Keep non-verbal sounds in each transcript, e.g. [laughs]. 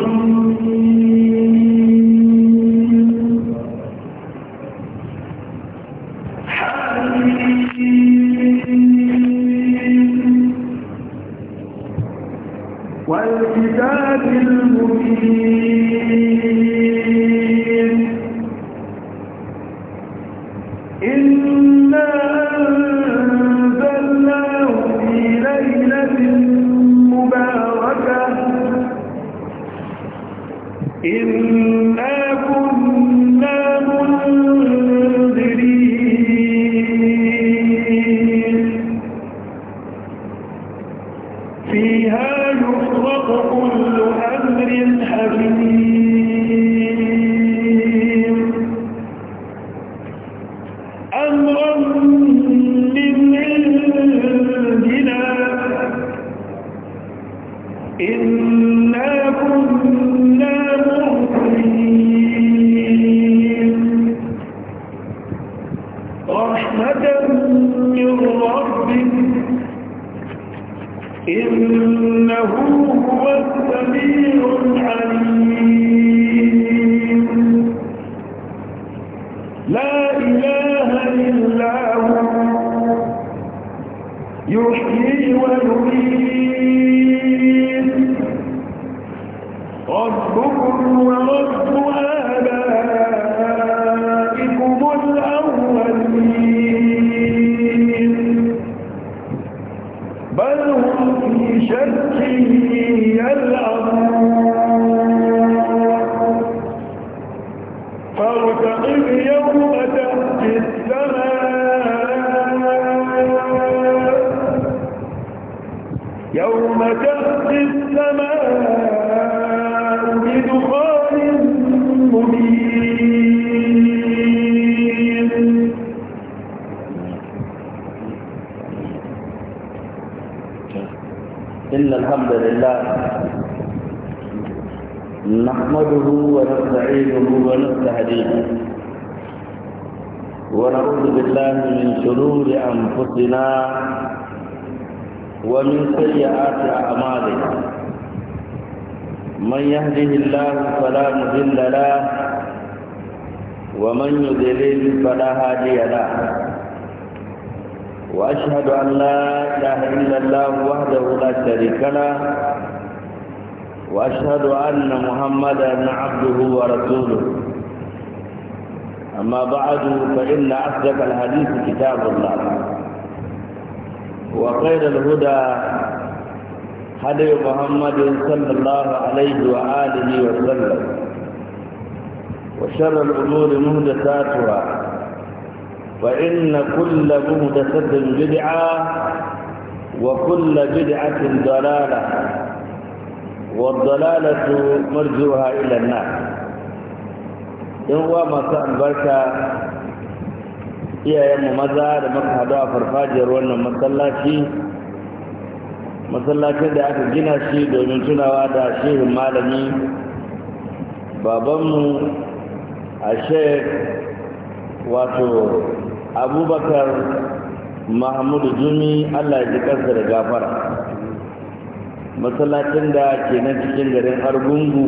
الرحيم وتخفي السماء بدخان مبين إن الحمد لله نحمده ونستعينه ونستهديه ونعوذ بالله من شرور أنفسنا ومن سيئات أعماله من يهده الله فلا مذل له ومن يذلل فلا هادي له وأشهد أن لا إله إلا الله وحده لا شريك له وأشهد أن محمدا عبده ورسوله أما بعد فإن أصدق الحديث كتاب الله وخير الهدى هدي محمد صلى الله عليه وآله وسلم وشر الأمور مهدساتها فإن كل مهدسة بدعة وكل بدعة ضلالة والضلالة مرجوها إلى الناس إن هو مساء البركة iyayenmu maza da muka hadu a farfajiyar wannan masallaci masallacin da aka gina shi domin tunawa da shehin malami babanmu a shek wato abubakar mahmudu jumi allah ji kansa da gafara masallacin da ke nan cikin garin argungu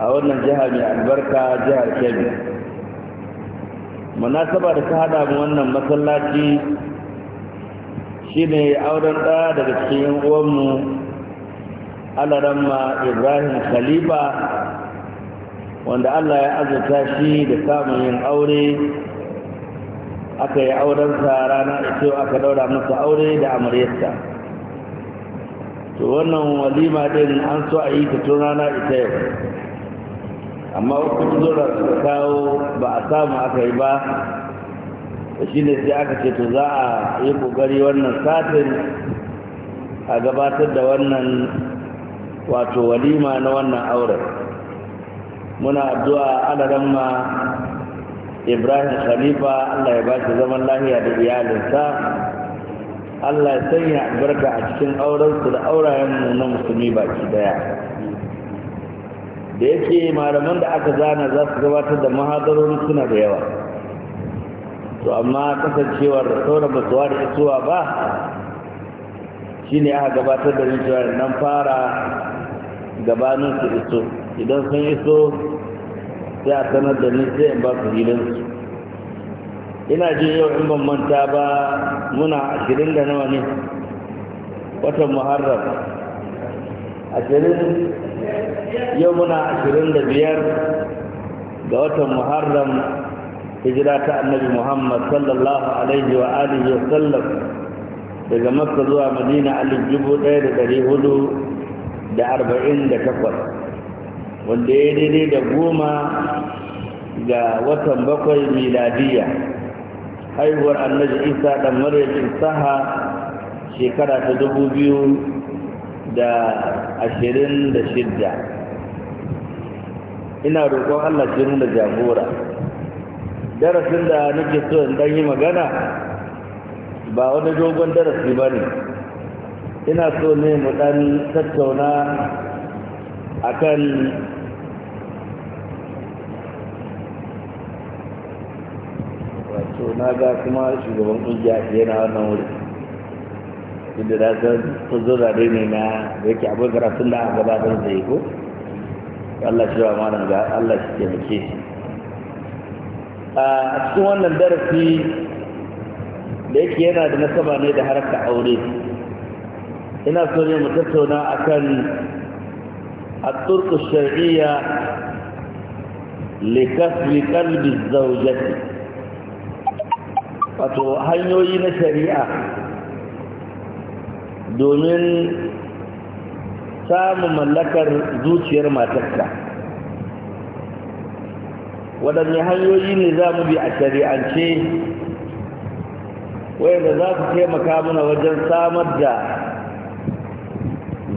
a wannan jiha mai albarka jihar kebbi munasaba da ta hada mu wannan masallaci shine auren da daga cikin yan uwanmu alaramma ibrahim khalifa wanda allah ya azurta shi da samun yin aure aka yi aurensa rana ito aka daura masa aure da amaryarsa to wannan walima din an so a yi ta tun rana ita yau amma wasu zura suka kawo ba a samu aka yi ba shi ne sai aka ce to za a yi kokari wannan satin a gabatar da wannan wato walima na wannan auren muna addu'a alaran ma ibrahim khalifa allah ya ba shi zaman lahiya da iyalinsa allah ya sanya albarka a cikin aurensu da aurayen mu na musulmi baki daya da yake malaman da aka zana za su gabatar da mahadarori suna da yawa to amma kasancewar saura ba suwa da isuwa ba shi ne aka gabatar da mutuwa nan fara gabanin su iso idan sun iso sai a sanar da ni in ba su hilinsu ina jin yau in ban manta ba muna ashirin da nawa ne watan muharram ashirin yau muna ashirin da biyar ga watan muharram hijira ta annabi muhammad sallallahu alaihi wa alihi wa sallam daga makka zuwa madina alif dubu ɗaya da ɗari hudu da arba'in da takwas wanda ya daidai da goma ga watan bakwai miladiya haihuwar annabi isa ɗan maryam saha shekara ta dubu biyu da ashirin da shidda ina roƙon Allah shi da jagora darasin da nake so in ɗan yi magana ba wani dogon darasi ba ne ina so ne mu dan tattauna akan wato na ga kuma shugaban kungiya yana wannan wuri inda da su zo zaɓe ne na da yake abin karatun da aka gabatar da yi ko Allah shi ma nan ga Allah shi ke muke a cikin wannan darasi da yake yana da nasaba ne da harkar aure ina so ne mu tattauna akan at-turq ash-shar'iyya li kasbi qalbi zawjati wato hanyoyi na shari'a domin samun mallakar zuciyar matarka waɗanne hanyoyi ne za mu bi a shari'ance wayanda za su taimaka mana wajen samar da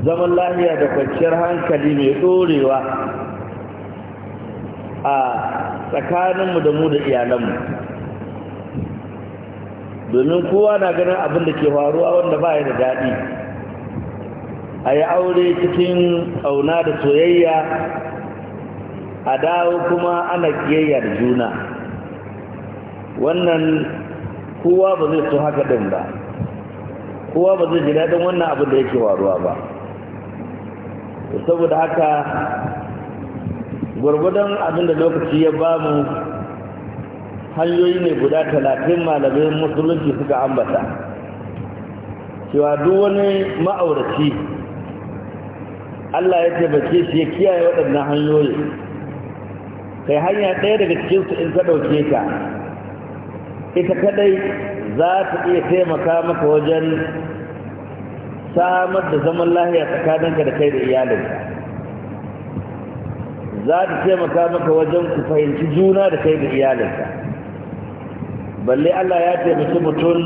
zaman lahiya da kwanciyar hankali mai ɗorewa a tsakaninmu da mu da iyalanmu domin kowa na ganin abin da ke faruwa wanda ba ya da daɗi a yi aure cikin ƙauna da soyayya a dawo kuma ana kiyayya da juna wannan kowa ba zai so haka ɗin ba kowa ba zai ji daɗin wannan abin da yake faruwa ba saboda haka gwargwadon abin da lokaci ya bamu hanyoyi ne guda talatin malamai musulunci suka ambata cewa duk wani ma'auraci Allah ya taimake shi ya kiyaye waɗannan hanyoyi kai hanya ɗaya daga cikinsu in ka ɗauke ta ita kadai za ta iya taimaka maka wajen samar da zaman lahiya tsakaninka da kai da iyalinka za ta taimaka maka wajen ku fahimci juna da kai da iyalinka balle Allah ya taimaki mutum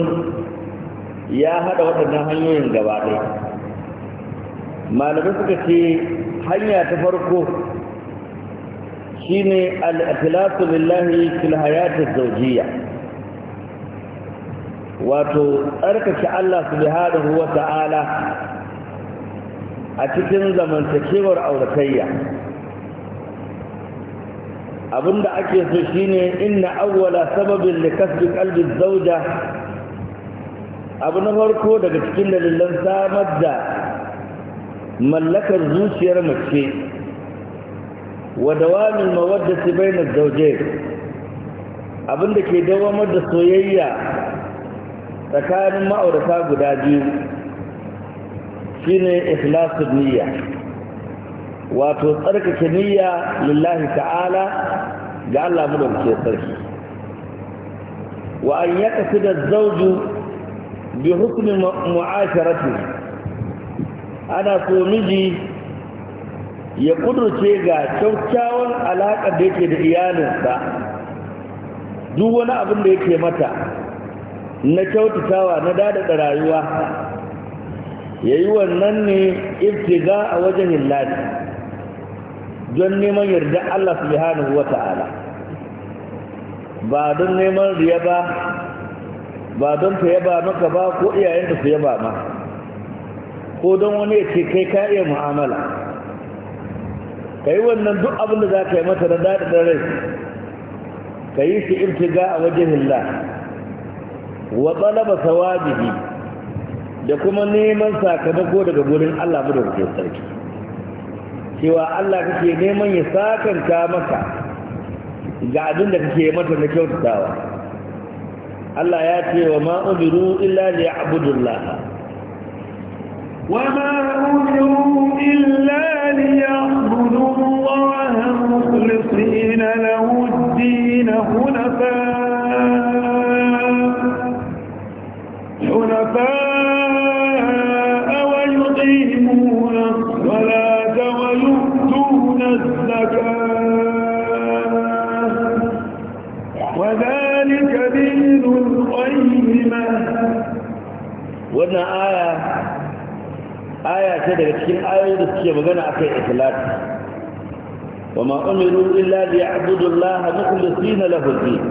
ya haɗa waɗannan hanyoyin gaba ɗaya malamai suka ce hanya ta farko shine al-ikhlasu lillahi fil hayati zawjiyya wato tsarkake Allah subhanahu wa ta'ala a cikin zamantakewar auratayya abinda ake so shine inna awwala sababin da kasbi kalbin zauja abu na farko daga cikin dalilan samar da mallakar zuciyar mace wa dawamin mawaddati zauje. zaujain abinda ke dawamar da soyayya tsakanin ma'aurata guda biyu shine ikhlasun niyya wato tsarkake niyya lillahi ta'ala ga Allah mu dauke sarki wa an yakfida zawju bi hukmi mu'asharati ana so miji ya kudurce ga kyakkyawan alaƙar da yake da iyalinsa duk wani abin da yake mata na kyautatawa na dadada rayuwa ya yi wannan ne iftiga a wajen hillahi don neman yarda Allah subhanahu wa ta'ala ba don neman riya ba ba don ta yaba maka ba ko iyayen da su yaba ma ko don wani ya ce kai ka mu'amala ka yi wannan duk abin da za ka yi mata da daɗi da rai ka yi shi ga a wajen Allah wa tsalaba sawabihi da kuma neman sakamako daga gurin Allah mu da sarki cewa Allah kake neman ya sakanta maka ga abin da kake mata na kyautatawa Allah ya ce wa ma umiru illa li ya'budullah wa ma umiru illa li ya'budullah mukhlisina lahu ad-din hunafa hunafa ce daga cikin ayoyi da suke magana akai ikhlas wa ma umiru illa li ya'budu Allah mukhlisina lahu din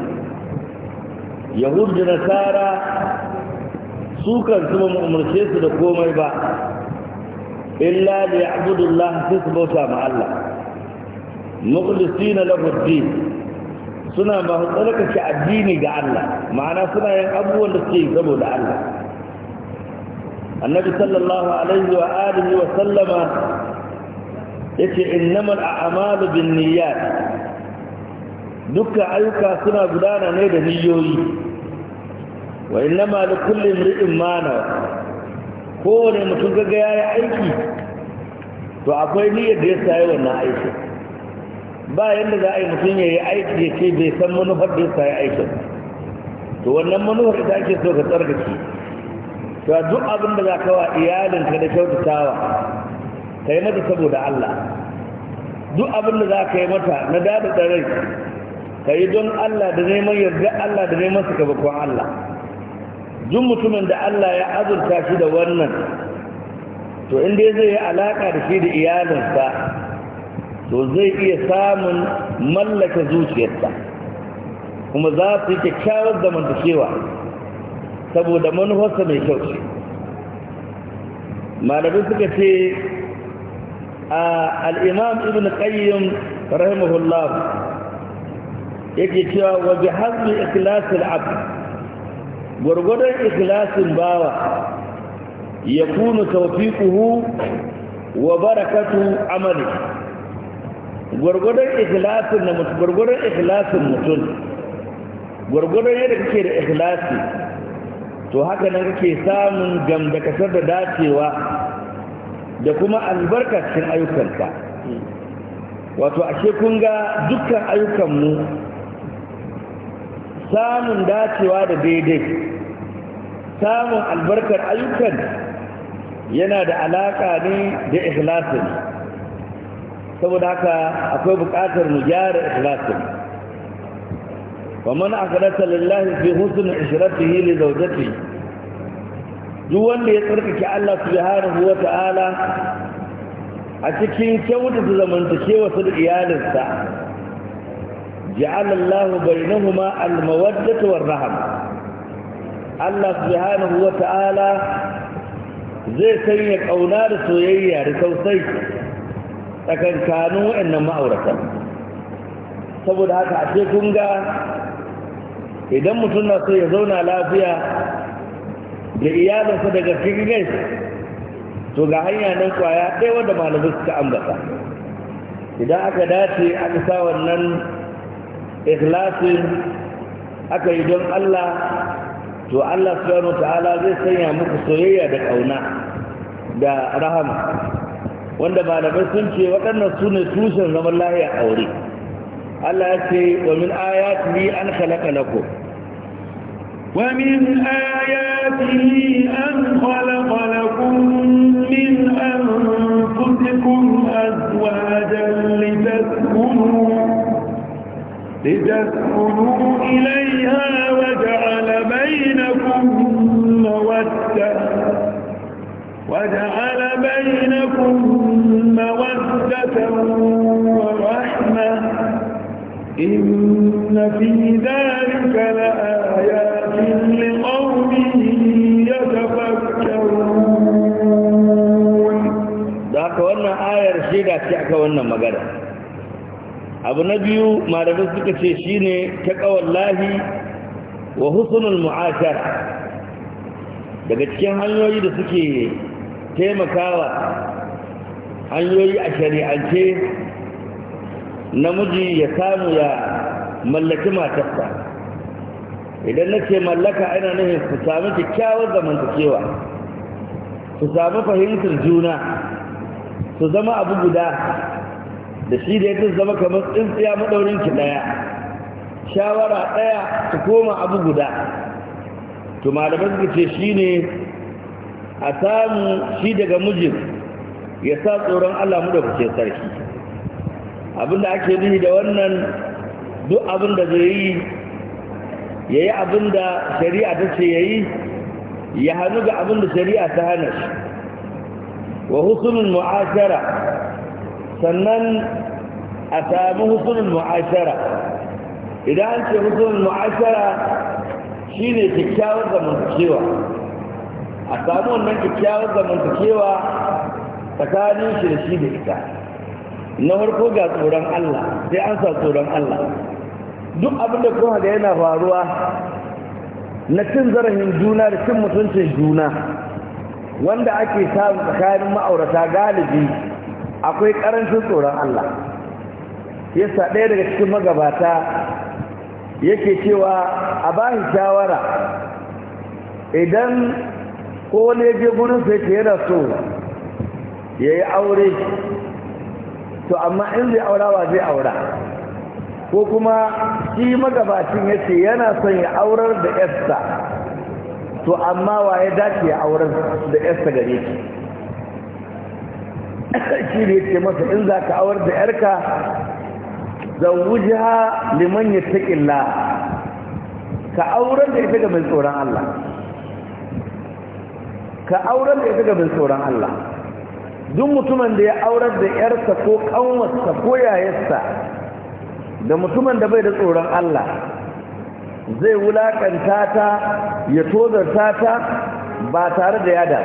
yahud da nasara su kan su mu umurce su da komai ba illa li ya'budu Allah sai su bauta ma Allah mukhlisina lahu din suna ba su tsarkake addini ga Allah ma'ana suna yin abubuwan da suke saboda Allah annabi sallallahu alaihi wa alihi wa sallama yace innamal a'malu binniyat dukkan ayyuka suna gudana ne da niyoyi wa innama li kulli imri'in ma nawa kowane mutum kaga yayi aiki to akwai niyyar da ya sayi wannan aiki ba yadda za a yi mutum ya yi aiki ya ce bai san manufar da ya sayi aikin to wannan manufar ita ake so ka tsarkake to duk abin da za ka wa iyalinka da kyautatawa ka yi mata saboda Allah duk abin da za ka yi mata na dada da ka yi don Allah da neman yarda Allah da neman su bakon Allah duk mutumin da Allah ya azurta shi da wannan to inda zai yi alaka da shi da iyalinsa to zai iya samun mallaka zuciyarsa kuma za su yi kyakkyawar zamantakewa saboda manufarsa mai kyau ce malamin suka ce a al'imam ibn qayyim rahimahullah yake cewa waje hazmi ikilasin abu gwargwadon ikilasin bawa ya kunu taufiƙuhu wa barakatu amali gwargwadon ikilasin na mutum gwargwadon ikilasin mutum gwargwadon yadda kake da ikilasin. to haka nan kake samun gam da dacewa da kuma albarkacin cikin ayyukanka wato ashe kun ga dukkan ayyukanmu samun dacewa da daidai samun albarkar ayyukan yana da alaƙa ne da ikhlasin saboda haka akwai buƙatar mu gyara ikhlasin ومن أخلص لله في حسن عشرته لزوجته duk wanda ya tsarkake Allah subhanahu wa ta'ala a cikin kyautata zamantakewa su da iyalinsa ja'ala Allahu bainahuma al-mawaddata war raham Allah subhanahu ta'ala zai sanya ƙauna da soyayya da tausayi tsakankanin wa'annan ma'auratan saboda haka a ce kun ga idan mutum na so ya zauna lafiya da iyalinsa daga cikin to ga hanya nan kwaya ɗaya wanda malamai suka ambata idan aka dace aka sa wannan ikhlasin aka yi don Allah to Allah subhanahu ta'ala zai sanya muku soyayya da kauna da rahama wanda malamai sun ce waɗannan su ne tushen zaman lahiya aure Allah ya ce wa min ayatihi an khalaqa lakum ومن آياته أن خلق لكم من أنفسكم أزواجا لتسكنوا لتسكنوا إليها وجعل بينكم مودة وجعل بينكم مودة ورحمة إن في ذلك shaida ce aka wannan magana abu na biyu malamai suka ce shine ta kawallahi wa husnul mu'ashar daga cikin hanyoyi da suke taimakawa hanyoyi a shari'ance namiji ya samu ya mallaki matarsa idan na ce mallaka ina nufin su sami kyakkyawar zamantakewa su sami fahimtar juna su zama abu guda da shi da ya zama kamar tsintsiya madaurin ki ɗaya shawara ɗaya su koma abu guda to malamai suka ce shi ne a samu shi daga mijin ya sa tsoron allah mu da kuke sarki abinda ake nufi da wannan duk abin zai yi ya yi abin shari'a ta ce ya yi ya hannu ga abinda shari'a ta hana shi wa husnul mu'ashara sannan a sami husnul mu'ashara idan an ce husnul mu'ashara ne kyakkyawar zamantakewa a sami wannan kyakkyawar zamantakewa tsakanin shi da shi da ita na farko ga tsoron Allah sai an sa tsoron Allah duk abinda kuma da yana faruwa na cin zarafin juna da cin mutuncin juna wanda ake samu tsakanin ma'aurata galibi akwai ƙarancin tsoron Allah yasa ɗaya daga cikin magabata yake cewa a bayan shawara idan ko wani ya je gurin sai ke yana so ya yi aure to amma in zai aura wa zai aura ko kuma shi magabacin ya ce yana son ya aurar da yarsa to amma wa ya dace ya auren da yarsa gare ki [laughs] shi ne ce masa in za ka awar da yarka zawujiha liman yattaqilla ka auren da ita ga mai tsoron Allah ka auren da ita ga mai tsoron Allah duk mutumin da ya aurar da yarsa ko kanwarsa ko yayarsa da mutumin da bai da tsoron Allah zai wulakanta ta ya tozarta ta ba tare da yada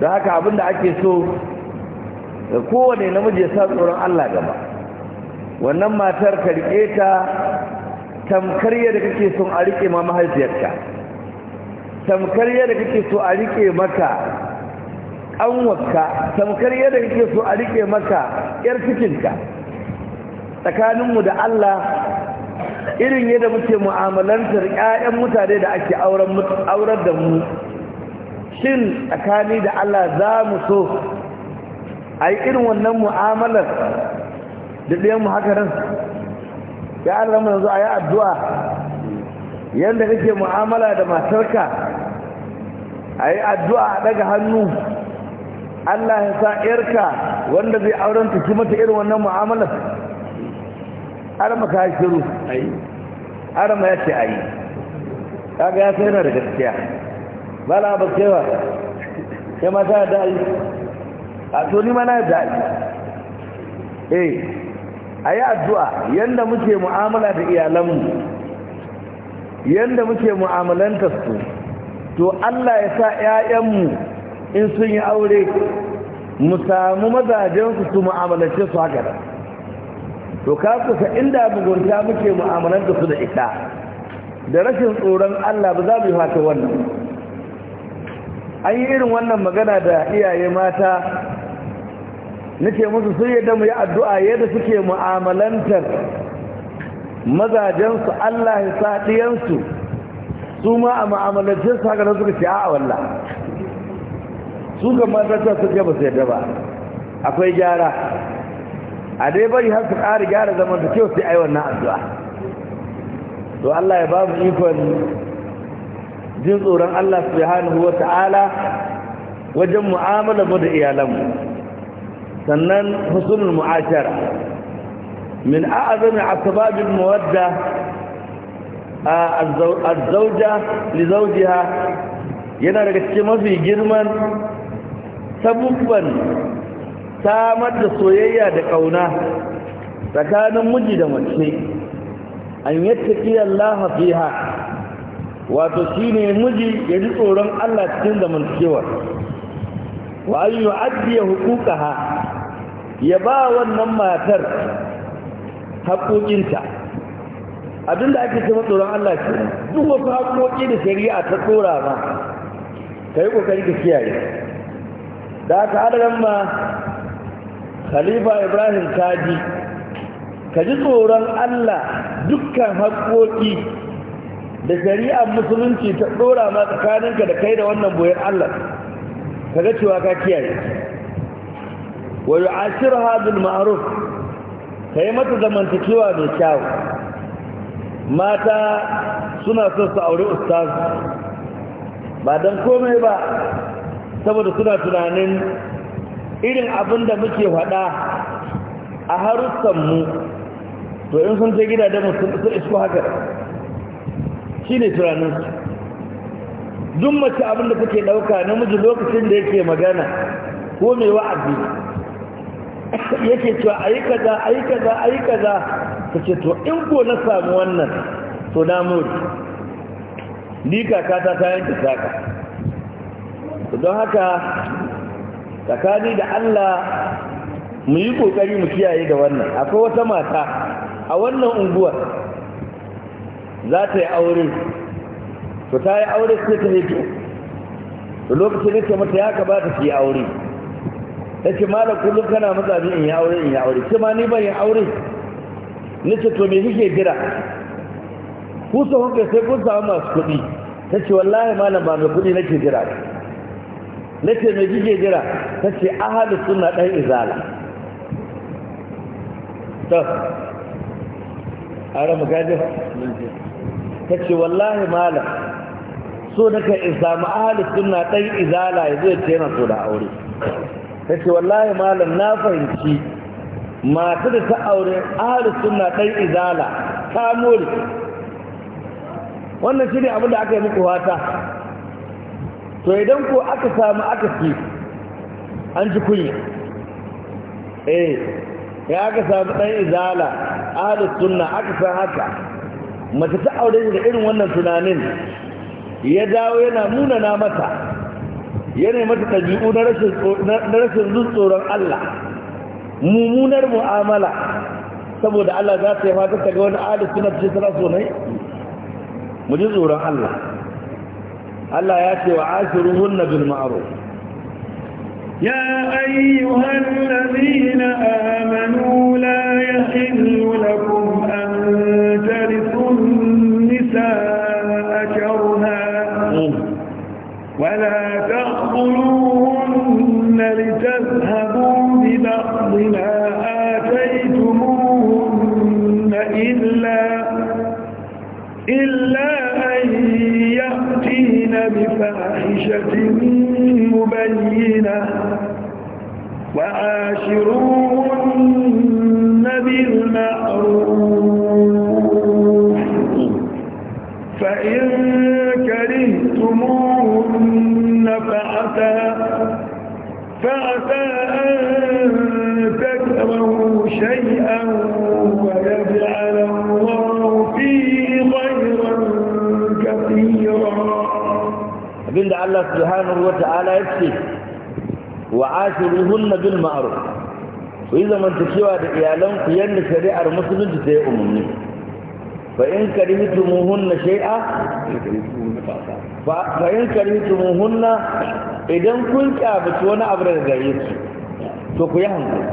da haka abinda ake so da kowane namiji ya sa tsoron Allah gaba wannan matar ka rike ta tamkar yadda kake son a rike ma mahaifiyarka tamkar yadda kake so a rike maka ƙanwarka tamkar yadda kake so a rike maka 'yar cikinka tsakaninmu da Allah irin yadda muke mu'amalantar 'ya'yan mutane da ake aurar da mu shin tsakani da Allah za mu so a yi irin wannan mu'amalar da mu haka nan ya Allah rama yanzu a yi addu'a yadda kake mu'amala da matarka a yi addu'a a ɗaga hannu Allah ya sa ‘yarka wanda zai auren ki mata irin wannan mu'amalar arama ka shiru ayi har ya yace ayi kaga ya sai na da gaskiya ba la ba cewa sai ma ta da ayi a to ni ma na da ayi eh ayi addu'a yanda muke mu'amala da iyalanmu yanda muke mu'amalanta su to Allah ya sa ƴaƴanmu in sun yi aure mu samu mazajensu su mu'amalace su haka da to ka kusa inda mugunta muke mu'amalar da su da ita da rashin tsoron Allah ba za mu yi haka wannan an yi irin wannan magana da iyaye mata nake musu sun yadda mu yi addu'a yadda suke mu'amalantar mazajensu Allah ya sa ɗiyansu su ma a su haka da suka ce a wallah su ga mazajensu suke ba su yadda ba akwai gyara a dai bari har su ƙari gyara zaman da kyau sai yi wannan addu'a to Allah ya ba mu ikon jin tsoron Allah subhanahu wa ta'ala wajen mu'amala mu da iyalanmu sannan husnul mu'ashara min a'zami asbabil mawadda a zawja li yana daga cikin mafi girman sabubban samar da soyayya da ƙauna tsakanin miji da mace an yattaki Allah fiha wato shine miji ya ji tsoron Allah cikin zamantakewar wa an yu'addiya huquqaha ya ba wannan matar haƙoƙinta abinda ake cewa tsoron Allah ke duk wasu haƙoƙi da shari'a ta tsora ma kai kokari ka kiyaye da aka adaran ma khalifa ibrahim kaji ka ji tsoron allah dukkan haƙoƙi da shari'ar musulunci ta ɗora ma tsakaninka da kai da wannan boyar allah ka ga cewa ka kiyaye wa yu'ashir hadul ma'ruf ka yi mata zamantakewa mai kyau mata suna son su auri ustaz ba don komai ba saboda suna tunanin irin abin da muke faɗa a harussanmu to in sun je gidajen mutum sun isko haka shi ne su. duk mace abin da kuke ɗauka namiji lokacin da yake magana ko mai wa'azi [coughs] yake cewa yi kaza yi kaza yi kaza ta ce to in ko na samu wannan to na mori ni kakata ta yanke saka don haka tsakani da Allah mu yi kokari mu kiyaye da wannan akwai wata mata a wannan unguwar za ta yi aure to ta yi aure sai ta hito to lokacin da ta mata ya kamata ta yi aure ta ce malam kullum kana matsa in yi aure in yi aure ce ma ni ban yi aure ni ce to me kike jira ku sa hunke sai kun samu masu kuɗi ta ce wallahi malam ba mai kuɗi nake jira na ce mai kike jira ta ce Ahadu suna ɗan izala ta ara rama ta ce wallahi malam so na ka izama Ahadu suna ɗan izala ya zai ce na so da aure ta ce wallahi malam na fahimci masu da ta aure Ahadu suna ɗan izala ta mori wannan shi ne abinda aka yi muku wata to idan ko aka samu aka an ji kunya eh ya aka samu ɗan izala ahalus sunna aka san haka mace ta aure da irin wannan tunanin ya dawo yana munana mata yana mata ɗabi'u na rashin zuwa tsoron Allah mummunar mu'amala saboda Allah za ta yi fata ta ga wani ahalus sunna ce tsara so mu ji tsoron Allah Allah يأتي وعاشرهن بالمعروف يا أيها الذين آمنوا لا يحل لكم أن ترثوا النساء كرها ولا تقتلوهن لتذهبوا ببعض ما آتيتموهن إلا إلا فاحشة مبينة وعاشروا Allah subhanahu ta'ala ya ce wa ashiruhunna bil ma'ruf ku yi zamantakewa da iyalan ku yanda shari'ar musulunci ta yi umarni fa in karihtumuhunna shay'a fa in karihtumuhunna idan kun kyabaci wani abu daga gare su to ku yi hankali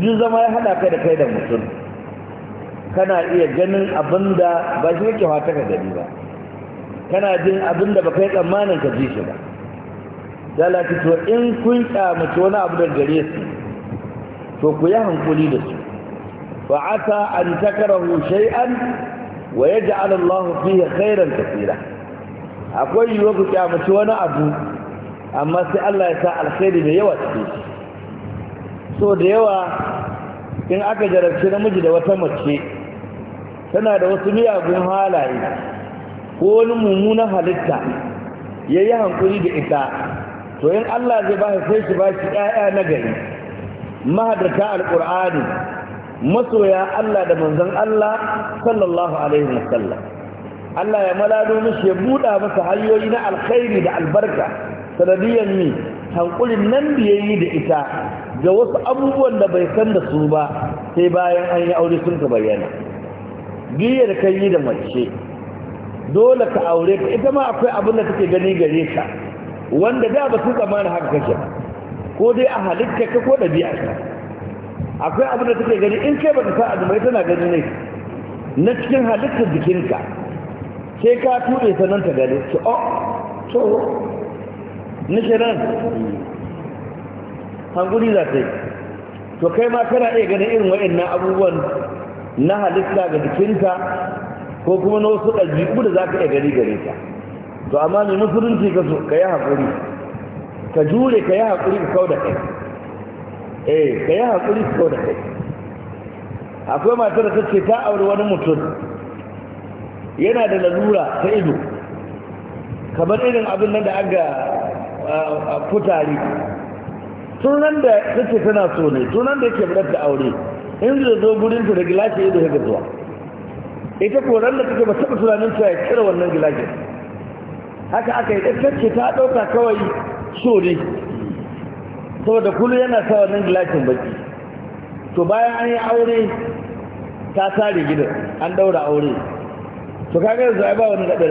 duk zama ya hada kai da kai da mutum kana iya ganin abinda ba shi kake fata ka gani ba kana jin abin da baka yi tsammanin ka ji shi ba ki to in kun kyamaci wani abu da gare su to ku yi hankuli da su fa asa an takarahu shay'an wa yaj'al Allahu fihi khairan katira akwai yiwuwa ku kyamaci wani abu amma sai Allah ya sa alkhairi da yawa cikin shi so da yawa in aka jarabci namiji da wata mace tana da wasu miyagun halaye ko wani mummunan halitta ya yi hankuri da ita to in Allah zai ba sai shi ba shi ƴaƴa na gari mahadarta alƙur'ani masoya Allah da manzon Allah sallallahu alaihi wasallam Allah ya malado mishi ya buɗa masa hanyoyi na alkhairi da albarka sanadiyan ni hankulin nan da yayi da ita ga wasu abubuwan da bai san da su ba sai bayan an yi aure sun ka bayyana biyar kai yi da mace dole ka aure ka ita ma akwai abin da take gani gare ka wanda da ba su tsamanin haka kake ko dai a halitta ka ko da biya ka akwai abin da take gani in kai ba ta sa'a da tana gani ne na cikin halittar jikinka sai ka tuɗe sanan ta gani to oh to nan hanguri za ta yi to kai ma kana iya ganin irin na abubuwan na halitta ga jikinka ko kuma na wasu ɗabi'u da za ka iya gari gare ta to amma mai musulunci ka yi haƙuri ka jure ka yi haƙuri ka kau da kai eh ka yi haƙuri ka kau da kai akwai matar da ta ce ta auri wani mutum yana da lalura ta ido kamar irin abin nan da aga futari tunan da ta ce tana so ne tunan da yake buɗar da aure in zai zo gudunta da gilashi ido ya ga zuwa ita ko ran da take ba taba tunanin ta ya cire wannan gilajin haka aka yi tsakacce ta ɗauka kawai so ne saboda kullum yana sa wannan gilajin baki to bayan an yi aure ta sare gidan an ɗaura aure to kaga yanzu ai ba wani gaɗa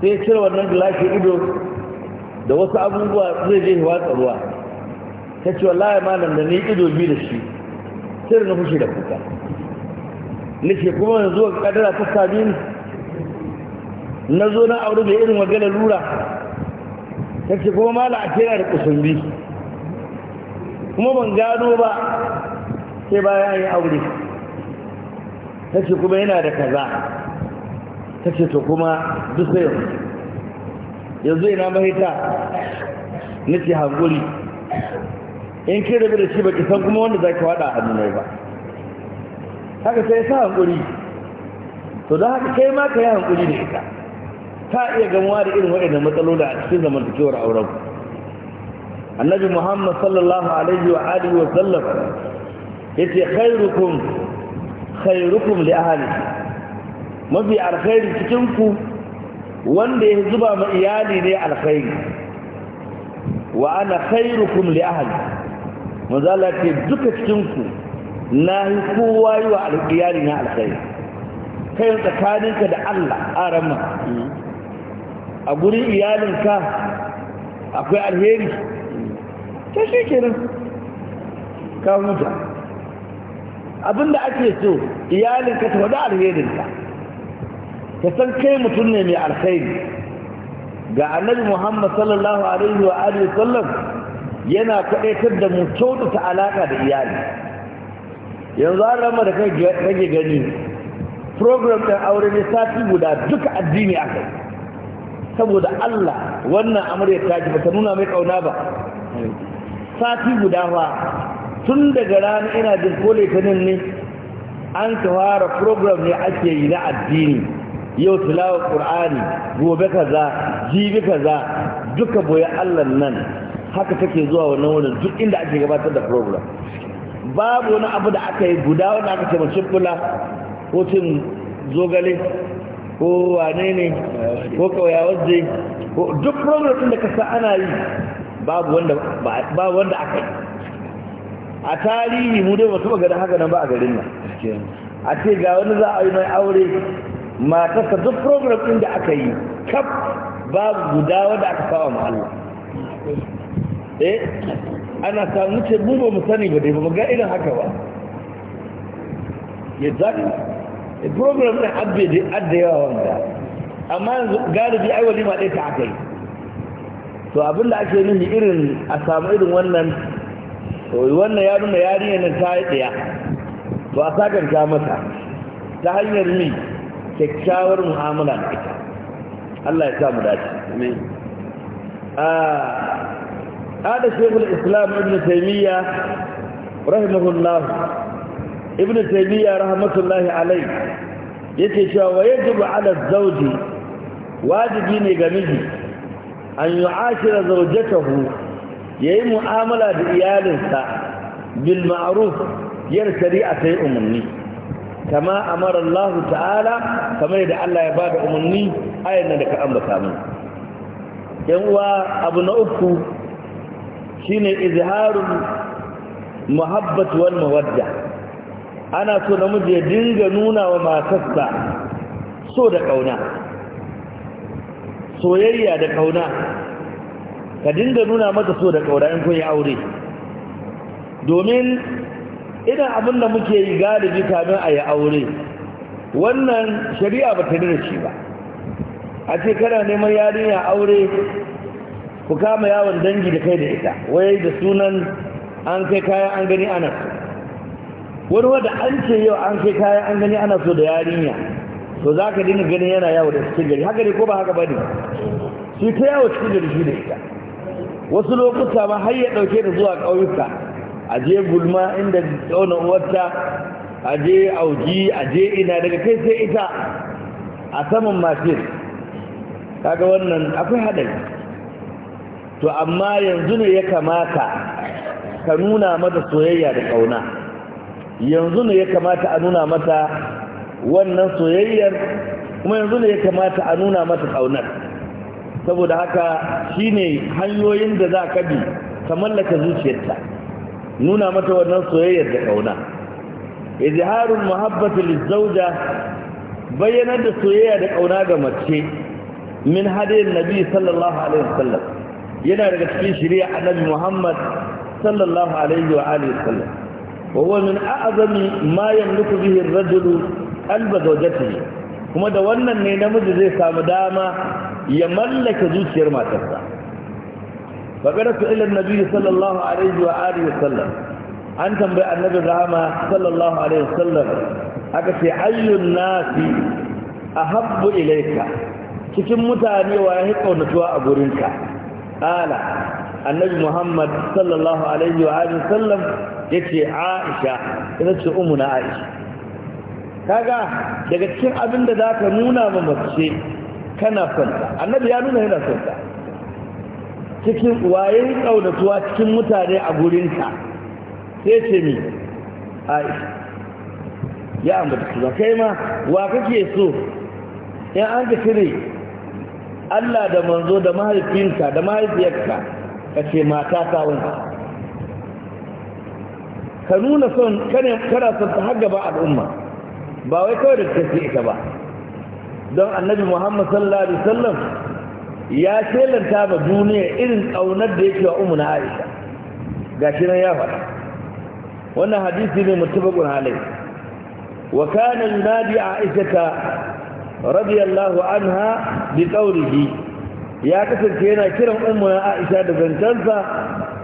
sai cire wannan gilashin ido da wasu abubuwa zai je watsa ruwa ta ce wallahi malam da ni ido biyu da shi sai na fushi da kuka nake kuma yanzu ga kadara ta sami ni na zo na aure da irin magana lura ta ce kuma mala a kera da kusumbi kuma ban gano ba sai bayan yi aure ta ce kuma yana da kaza ta ce to kuma duk sai yanzu yana mahita nake hanguri in kira da shi baki san kuma wanda zaki wada a hannunai ba haka sai sa hankuri to don haka kai ma ka yi hankuri da ita ta iya gamuwa da irin waɗanda matsaloli a cikin zamantakewar auren annabi muhammad sallallahu alaihi wa alihi wa sallam yace khairukum khairukum li mafi alkhairi cikin ku wanda ya zuba ma iyali ne alkhairi wa ana khairukum li ahli ce duka cikin ku na yi kowa yi wa alƙiyari na alkhairi kai tsakaninka da Allah arama a gurin iyalinka akwai alheri ta shi kenan ka huta abinda ake so iyalinka ta wada alherinka ka san kai mutum ne mai alkhairi ga annabi muhammad sallallahu alaihi wa sallam yana kwaɗaitar da mu ta alaƙa da iyali yanzu an rama da kage gani program ɗin aure ne sati guda duka addini a kai saboda Allah wannan amarya ta ji bata nuna mai kauna ba sati guda fa tun daga rana ina jin ta litinin ne an ka fara program ne ake yi na addini yau tilawa ƙurani gobe kaza jibi kaza duka boye Allah nan haka take zuwa wannan wurin duk inda ake gabatar da program babu wani abu da aka yi guda wanda aka ce mace kula ko cin zogale ko wane ne ko kawayawar je duk program ɗin da kasa ana yi babu wanda aka yi a tarihi mu dai ba magana haka nan ba a garin nan a ce ga wani za a yi mai aure matarsa duk program ɗin da aka yi kaf babu guda wanda aka fawa ma'alla Allah eh? ana samu ce mu ba mu sani ba dai ba ga irin haka ba ya zaɗi program ɗin abbe da adda yawa wanda amma galibi ai walima ɗaya ta aka yi to abin da ake nufi irin a samu irin wannan to wannan ya nuna yari ne ta yi ɗaya to a ta mata ta hanyar mi kyakkyawar mu'amala da ita Allah ya sa mu dace amin ah, قال شيخ Islam ابن تيمية رحمه الله ابن تيمية yake cewa wa yajibu ala zawji wajibi ne ga miji an yu'ashira zawjatahu yayi mu'amala da iyalinsa bil ma'ruf yar shari'a sai umarni kama amara ta'ala kamar da Allah ya bada umarni ayan da ka ambata yan uwa abu na uku shine izharun muhabbat wal mawadda ana so namiji ya dinga nuna wa matarsa so da kauna soyayya da kauna ka dinga nuna mata so da kauna in kun yi aure domin idan abin da muke yi galibi kamin a yi aure wannan shari'a ba ta nuna shi ba a ce kana neman yarinya aure ku kama yawon dangi da kai da ita wai da sunan an kai kayan an gani ana so wani wanda an ce yau an kai kayan an gani ana so da yarinya to za ka dina ganin yana yawo da cikin gari haka ne ko ba haka ba ne shi ta yawo cikin gari shi da ita wasu lokuta ma har ya ɗauke da zuwa ƙauyuka a je gulma inda tsaunin uwarta a je auji a je ina daga kai sai ita a saman mashin kaga wannan akwai haɗari to amma yanzu ne ya kamata ka nuna mata soyayya da ƙauna yanzu ne ya kamata a nuna mata wannan soyayyar kuma yanzu ne ya kamata a nuna mata ƙaunar saboda haka shine hanyoyin da za ka bi ka mallaka zuciyarta nuna mata wannan soyayyar da ƙauna izharul muhabbati lizawja bayyanar da soyayya da ƙauna ga mace min hadayin nabi sallallahu alaihi wasallam yana daga cikin shari'a annabi Muhammad sallallahu alaihi wa alihi sallam wa huwa min a'zami ma yamliku bihi ar-rajulu qalba zawjatihi kuma da wannan ne namiji zai samu dama ya mallake zuciyar matarsa faqara su ila annabi sallallahu alaihi wa alihi sallam an tambayi annabi rahama sallallahu alaihi sallam aka ce ayyun nasi ahabbu ilayka cikin mutane wa ya kaunatuwa a gurinka kala annabi muhammad sallallahu alaihi wa alihi sallam yace aisha ita ce ummu na aisha kaga daga cikin abin da zaka nuna ma mace kana ta annabi ya nuna yana ta. cikin wayen kaunatuwa cikin mutane a ta sai ce mi aisha ya ambata ba kai ma wa kake so in an ka cire Allah da manzo da mahaifinka da mahaifiyarka ka ce mata ta wani ka nuna son kana son ta har gaba al'umma ba wai kawai da kake ita ba don annabi Muhammad sallallahu alaihi wasallam ya shelanta ba duniya irin ƙaunar da yake wa umu na aisha ga shi nan ya faɗa wannan hadisi ne mutabakun halai wa kana yunadi aisha ta radiyallahu anha bi qawlihi ya kasance yana kiran ummu na Aisha da zantansa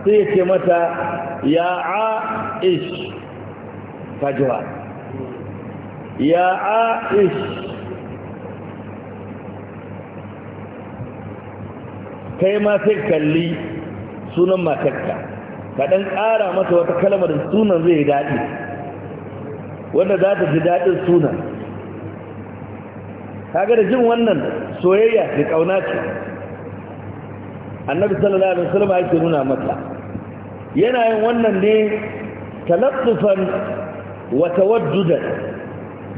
sai ya ce mata ya Aish fajwa ya Aish kai ma sai kalli sunan matarka ka dan ƙara masa wata kalmar sunan zai daɗi wanda za ta ji daɗin sunan kaga da jin wannan soyayya da kauna ce annabi sallallahu alaihi wasallam yake nuna mata yana yin wannan ne talaffufan wa tawaddudan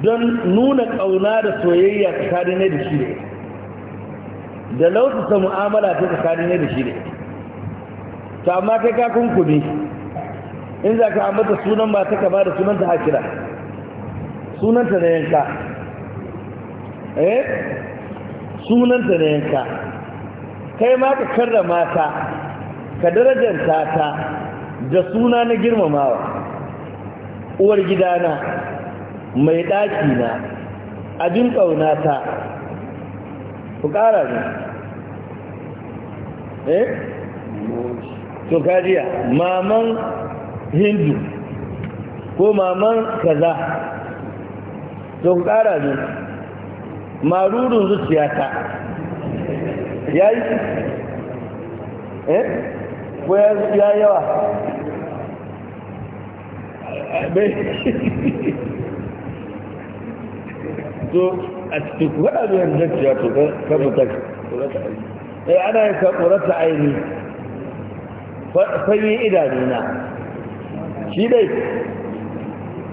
don nuna kauna da soyayya tsakanin ne da shi ne da lautsa mu'amala ta tsakanin ne da shi ne ta amma kai ka kunkumi in za ka ambata sunan ba ta ka ba da sunanta hakira sunanta na yanka eh sunanta ne ka kai ma ka karrama ta ka darajanta ta da suna na girmamawa uwar gidana mai ɗaki na abin ƙauna ta ku ƙara ne eh to kajiya maman hindu ko maman kaza to ku ƙara ne marurun zuciyata ya yi eh ko ya yawa [laughs] to a cikin kuɗa zuciya to kan mutane eh ana yin kakurata aini fanyin idanuna shi dai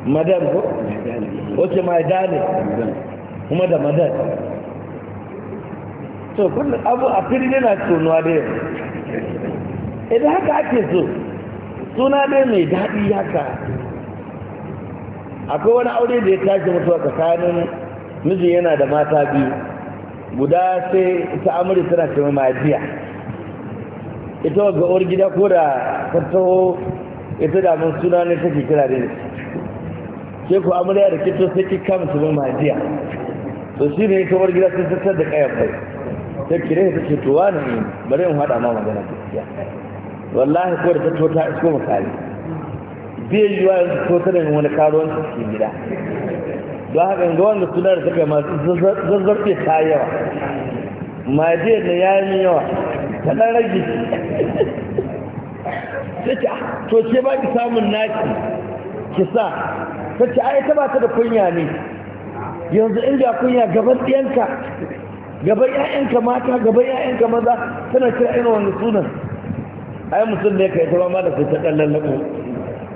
madam ko wace mai dalil kuma da madad to kullum abu a fili yana tonuwa da yau idan haka ake so suna dai mai daɗi haka akwai wani aure da ya tashi mutuwa tsakanin mijin yana da mata biyu guda sai ta amurka tana cewa majiya ita wa ga'uwar gida ko da tattaho ita da mun suna ne take kira ne sai ku amurya da kito sai ki kama su majiya to shi ne kamar gida sai tattar da kayan kai sai kire ta ce to wani ne bari in hada ma magana gaskiya wallahi ko da ta ta isko misali bai wa yanzu ko da wani karuwan ke gida don haka ga wanda suna da suka masu zazzarfe ta yawa maje da ya yi yawa ta ɗan rage ta ce ah, to ce ba ki samun naki ki sa ta ce ai ta ba ta da kunya ne yanzu inda kunya gaban ɗiyanka gaban 'ya'yanka mata gaban 'ya'yanka maza tana kira irin wani sunan ai mutum ne ka yi ta ma da fita kallon labo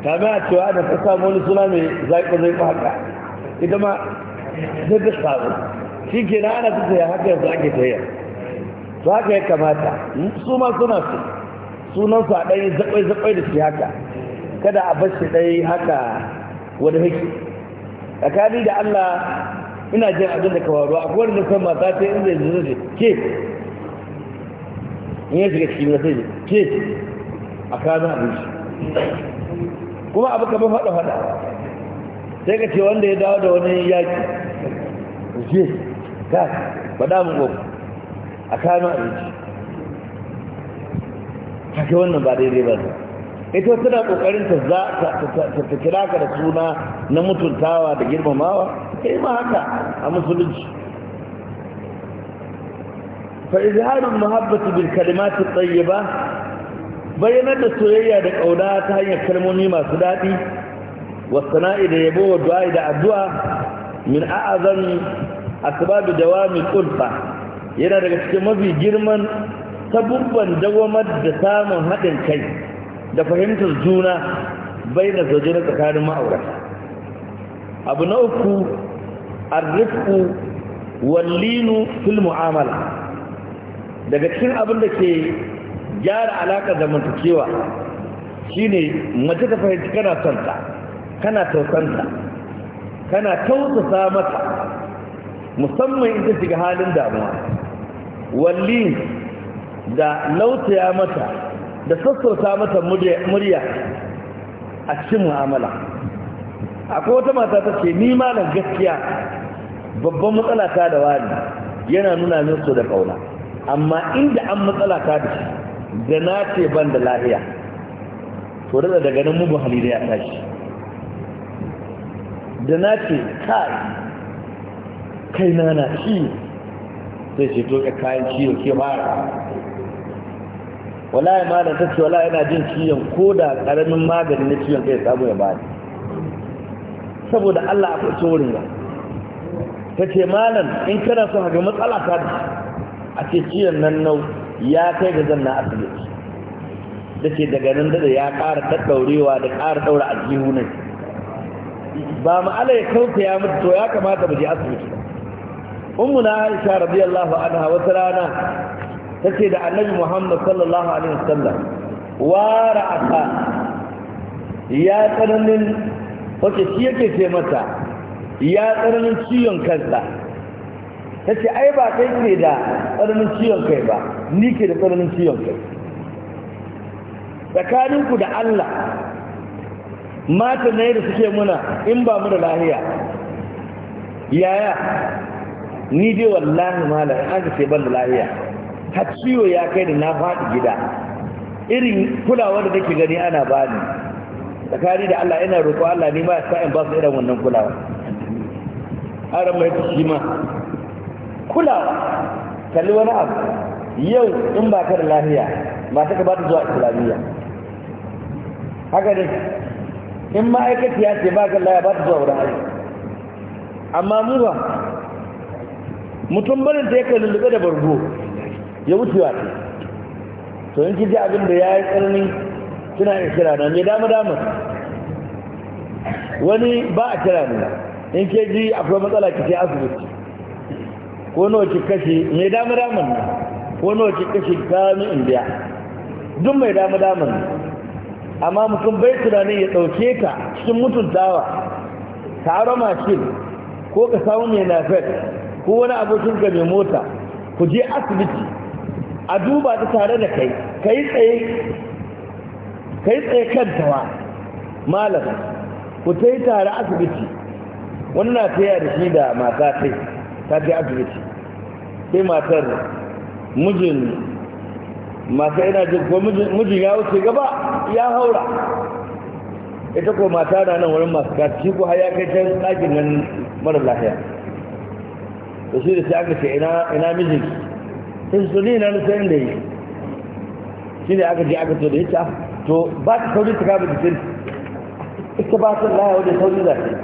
ta mai a cewa da ta samu wani suna mai zaƙi zai haka ita ma zai ta samu shi ke na ana ta tsaye haka yanzu ake tsaye to haka ya kamata hmm? su ma suna su sunan su a ɗaya zaɓai zaɓai da shi haka kada a shi ɗaya haka wani haki tsakani da allah ina jin abin da ka faru a kowane da kuma mata ta inda yanzu zai ke in ya shiga cikin sai ke a kawo abinci kuma abu ka faɗa faɗa sai ka ce wanda ya dawo da wani yaƙi je ga faɗa mu gobe a kawo abinci ke wannan ba daidai ba zai. ita tana kokarin ta za da suna na mutuntawa da girmamawa yi ma haka a musulunci fa izharul mahabbati bil kalimat at-tayyiba bayyanar da soyayya da ƙauna ta hanyar kalmomi masu dadi wa sana'i da yabo wa du'a da addu'a min da asbab dawami kulfa, yana daga cikin mafi girman sabubban dawamar da samun haɗin kai da fahimtar juna bai da zaune na tsakanin ma'aurata abu na uku arrifku wallinu fil mu'amala daga cikin abin da ke gyara alaƙar zamantakewa shine mace ta fahimci kana son ta kana tausanta kana tausasa mata musamman in shiga halin damuwa wallin da lautaya mata da sassauta mata murya a cikin mu'amala akwai wata mata ta ce ni malam gaskiya babban matsala ta da wani yana nuna min so da kauna amma inda an matsala ta da shi da na ce ban da lahiya to da daga nan hali da ya tashi da na ce kai kai na na ci sai ce to ka kayan ciwo ke ba wallahi malam ta ce wallahi yana jin ciwon ko da karamin magani na ciwon kai samu ya bani saboda Allah akwai wurin ga ta ce malam in kana so ga matsala ta a ce ciwon nan nau ya kai ga zanna asibiti da ce daga nan da ya ƙara ɗaɗɗaurewa da ƙara ɗaura a ne ba ma'ala ya kauta ya mutu to ya kamata mu je asibiti ummu na aisha radiyallahu anha wata rana take da annabi Muhammad sallallahu alaihi wasallam wa ra'aka ya tsananin wace shi yake ce mata ya tsananin ciwon kansa tace ai ba kai ke da tsananin ciwon kai ba ni ke da tsananin ciwon kai tsakaninku da Allah mata ne da suke muna in ba mu da lahiya yaya ni dai wallahi malam an ce ban da lahiya har ciwo ya kai da na faɗi gida irin kulawa da take gani ana bani tsakani da Allah ina roƙo Allah ne ma sa in ba su irin wannan kulawa aran mai shi ma kulawa kalli wani abu yau in ba ka da lafiya ba ta ba ta zuwa islamiyya haka ne in ma'aikaciya ce ba ka lafiya ba ta zuwa wurin aiki amma mu ba mutum barin ta yake lullube da bargo ya wuce wa ce to in kiji abin da ya yi tsarni suna yin kira na mai dama dama wani ba a kira ne in ke ji akwai matsala ki ce asibiti ko nawa ki kashe mai dama daman ne ko nawa ki kashe kami indiya duk mai dama daman ne amma mutum bai tunanin ya dauke ka cikin mutuntawa ka aro mashin ko ka samu mai nafet ko wani abokin ka mai mota ku je asibiti a duba ta tare da kai kai tsaye kai tsaye kanta ma malam ku ta yi tare asibiti Wannan na taya da shi da mata sai ta je asibiti sai matar mijin mata yana jin ko mijin ya wuce gaba ya haura ita ko mata na nan wurin masu kaci ko har ya kai can ɗakin nan mara lafiya da shi da shi aka ce ina mijinki insulin na sayan da yi shi ne aka ji aka to da ita to ba ta sauri ta kama jikin ita ba ta laya wajen sauri za ta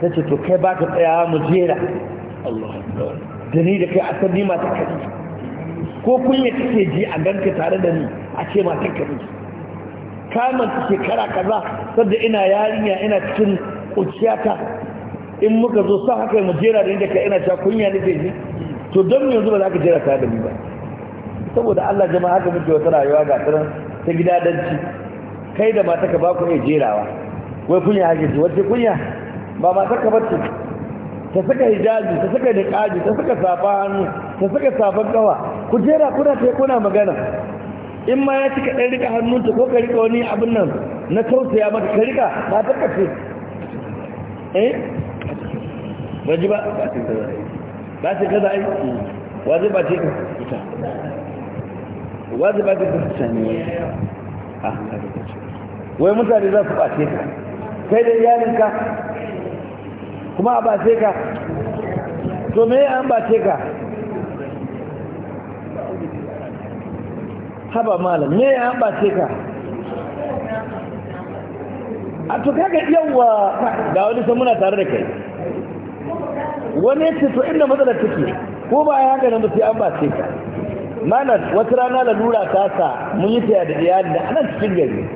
ta ce to kai ba ta tsayawa mu jera da ni da kai a sanni mata kari ko kunya take ji a ganka tare da ni a ce mata kari kamanta shekara kaza sadda ina yarinya ina cikin kuciyata in muka zo sa haka mu jera da da ka ina sha kunya nake ji to don yanzu ba za ka jira ta dami ba saboda Allah jama'a haka muke wata rayuwa ga tsaron ta gida danci kai da mataka ba ku iya jerawa wai kunya hake ce wacce kunya ba mata ba ce ta saka hijabi ta saka niqabi ta saka safa hannu ta saka safan kawa ku jera kuna ta kuna magana in ma ya ci ka rika hannunta ko ka rika wani abin nan na tausaya maka ka rika ba ta kace eh ba ji ba ba ta ba ce kaza ai wajiba ce ita fita wajiba ce ka fita ne ah, wai mutane za su ɓace ka kai da iyalinka kuma a ɓace ka to me an ɓace ka haba malam me an ɓace ka a to kaga yawa ga wani san muna tare da kai wani ya ce to inda matsalar take ko ba ya haka nan ba sai an ba ce ka mana wata rana lalura ta sa mun yi taya da iyali da anan cikin gari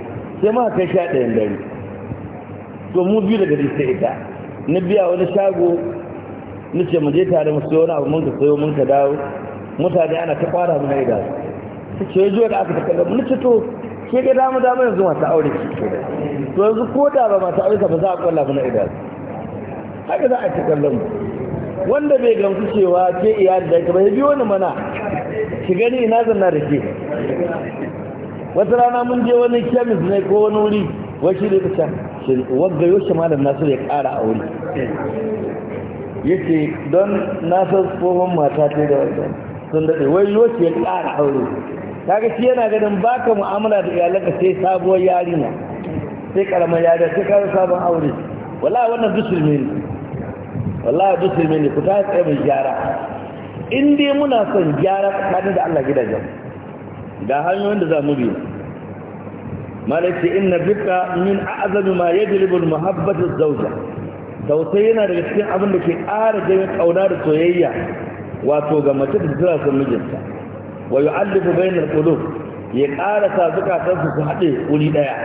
sai muka kai sha ɗayan gari to mu biyu daga sai ita na biya wani shago na ce mu je tare mu sayo wani abu mun ka sayo mun ka dawo mutane ana ta kwara mu na ida su ce jiya da aka ta kalla mun ce to ke ga dama dama yanzu masu aure ce to yanzu ko da ba masu aure ka ba za a kwalla mu na ida haka za a ta kallon mu wanda bai gamsu cewa ke iyali da ba ya biyo wani mana ki gani ina zanna da ke wata rana mun je wani kemis ne ko wani wuri wace da ta can wagga yau malam nasu ya kara a wuri yace don nasu ko tsohon mata ta da wanda sun daɗe wai yau ya kara aure kaga shi yana ganin baka mu'amala da iyalanka sai sabuwar yarinya sai karamar yarinya sai karamar sabon aure wala wannan dusulmi ne wallahi duk sai ne ku ta tsaye mai gyara in dai muna son gyara tsakanin da Allah gidajen ga hanyoyin da za mu bi malaki inna bika min a'zami ma yajlibu al-muhabbatu az-zawja tausayi yana daga cikin abin da ke ƙara jami ƙauna da soyayya wato ga mace da tura sun mijinta wa yu'allifu bainal qulub ya ƙara sa zukatansu su haɗe wuri ɗaya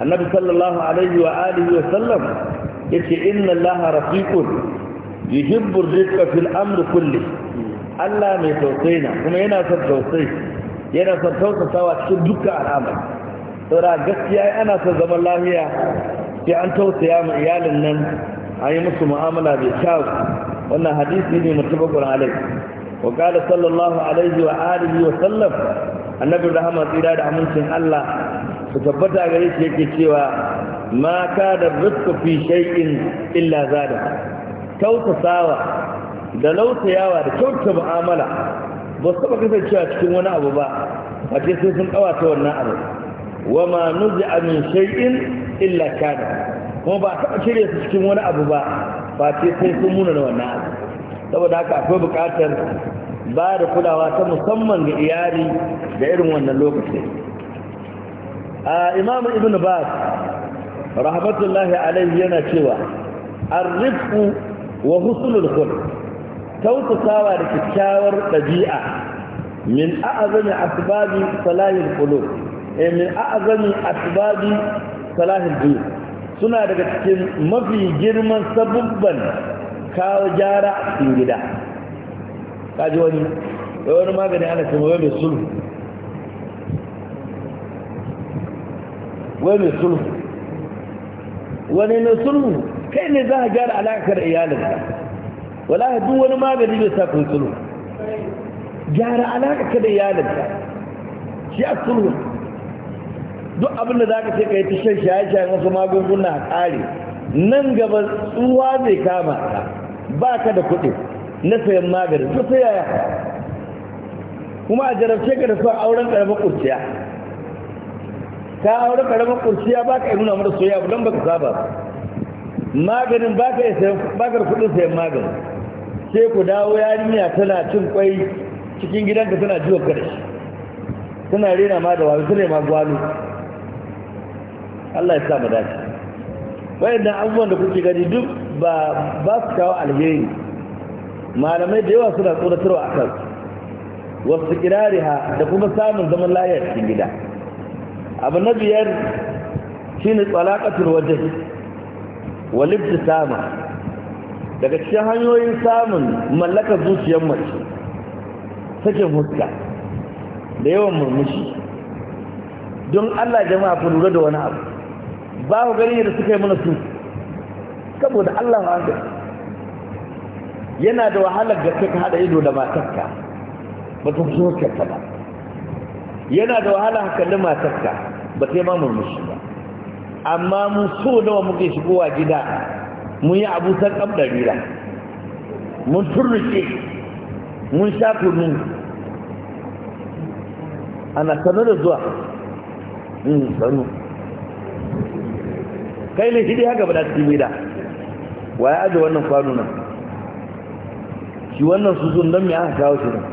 annabi sallallahu alaihi wa alihi wa sallam yace inna laha rafiqun yuhibbu ar-rifqa fil amri kulli Allah mai tausayi na kuma yana son tausayi yana son tausasawa cikin dukkan al'amari saboda gaskiya ana son zaman lafiya sai an tausaya ma iyalin nan an yi musu mu'amala bai kyau wannan hadisi ne mutabakun alai wa qala sallallahu alaihi wa alihi wa sallam annabi rahama tsira da amincin Allah su tabbata gare shi yake cewa ma da rizqu fi shay'in illa zada kautasawa da lautayawa da kyauta mu'amala ba su taɓa kasancewa cikin wani abu ba a ce sai sun ta wannan abu wa ma nuzi min shay'in illa kana kuma ba taɓa shirya su cikin wani abu ba ba ce sai sun muna da wannan abu saboda haka akwai buƙatar ba da kulawa ta musamman ga iyali da irin wannan lokaci a imam ibn bas rahmatullahi alaihi yana cewa arrifku wa husnul khulq tawtsawa da kyakkyawar dabi'a min a'zami asbabi salahil qulub eh min a'zami asbabi salahil qulub suna daga cikin mafi girman sabubban kawo jara cikin gida kaji wani da wani magani ana cewa wai mai sulhu wai mai sulhu wani nasuru sulhu kai ne za a gyara alakar iyalinka wala duk wani magani bai sa kun sulhu gyara alaƙa da iyalinka shi a sulhu duk abin da za ka ce ka yi ta shan shaye-shayen wasu magunguna a ƙare nan gaba tsuwa zai kama ka ba ka da kuɗi na sayan magani to sai yaya kuma a jarabce ka da son auren ƙarfin kurciya ka aure karamar kurciya ba ka yi nuna soya soyayya don ba ka saba maganin ba ka da kudin sayan maganin sai ku dawo yarinya tana cin kwai cikin gidanka tana jiwon kada da shi tana rena ma da wani tana ma gwalo Allah ya sa mu dace wayannan abubuwan da kuke gani duk ba ba su kawo alheri malamai da yawa suna tsoratarwa a kansu wasu kirariha da kuma samun zaman lafiya cikin gida abu na biyar shi ne tsalakatul wajen walibta sama daga cikin hanyoyin samun mallaka zuciyar mace sakin huska da yawan murmushi don allah jama'a ku lura da wani abu ba ku gani da suka yi mana su saboda allah haka yana da wahalar gaske ka haɗa ido da matarka ba ta fi huskarta ba yana da wahala haka da matarka ba sai ma murmushi ba amma mun so nawa muke shigowa gida mun yi abusan kabdarira mun turnuke mun sha kunu ana sanar da zuwa in hmm, sanu kai ne shi haka ba da cikin gida waye aje wannan kwano nan shi wannan susun don me aka kawo shi nan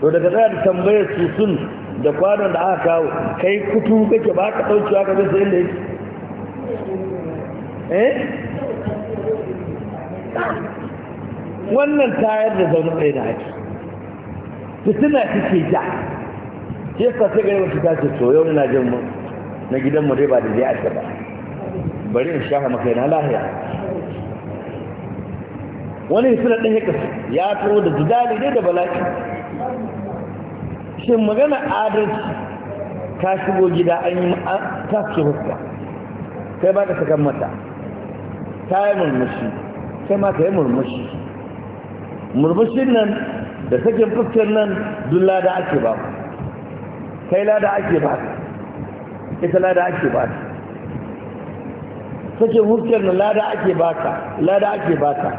to daga tsaya da tambayar susun da kwanon da aka kawo kai kutu kake ba ka ɗaukewa ka zai sai da yake eh wannan tayar da zaune ɗaya da ake fitina take ja ke sa sai gari wata tace to yau na jin mu na gidan mu dai ba da zai ake ba bari in shafa maka yana lahiya wani fitina ɗaya kasu ya turo da jidali ne da bala'i shin magana adalci ka shigo gida an yi ta fi hukuwa Sai ba ka sakan mata ta yi murmushi sai ma ka yi murmushi murmushin nan da sakin fuskar nan duk lada ake ba kai lada ake ba ita lada ake ba ku sakin fuskar nan lada ake ba ka lada ake ba ka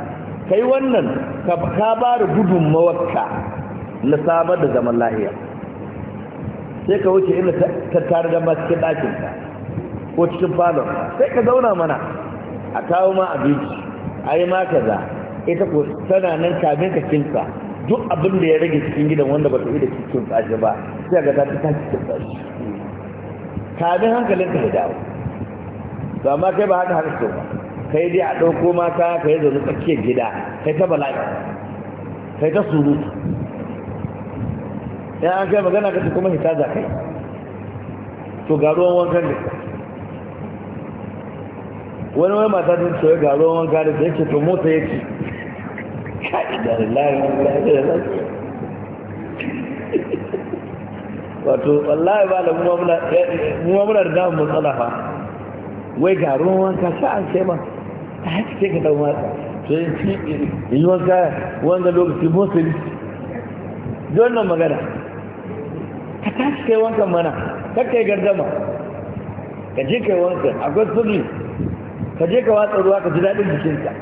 kai wannan ka ba da gudunmawarka na samar da zaman lahiyar. sai ka wuce inda ta tare da ba cikin ɗakinka ko cikin falon sai ka zauna mana a kawo ma abinci a yi ma kaza ita ko tana nan kamin ka kinsa duk abin da ya rage cikin gidan wanda ba ta yi da cikin tsashi ba sai ga ta ta cikin tsashi kamin hankalin ka da dawo to amma kai ba haka haka so ba kai dai a ɗauko mata ka yi zaune tsakiyar gida kai ta bala'i kai ta surutu ya an kai magana ka kuma hita za kai to ga ruwan wanka ne wani wani mata sun soya ga ruwan wanka da yake ce to mota ya ce kai da lalata wato wallahi ba da muwa eh, muna da damar matsala ba wai ga ruwan wanka sa an ce ma a haka ce ka to yin to yi wanka wanda lokaci motsi don nan magana ka tashi kai wankan mana ka kai gardama ka je kai wankan akwai sirri ka je ka watsa ruwa ka ji daɗin jikinka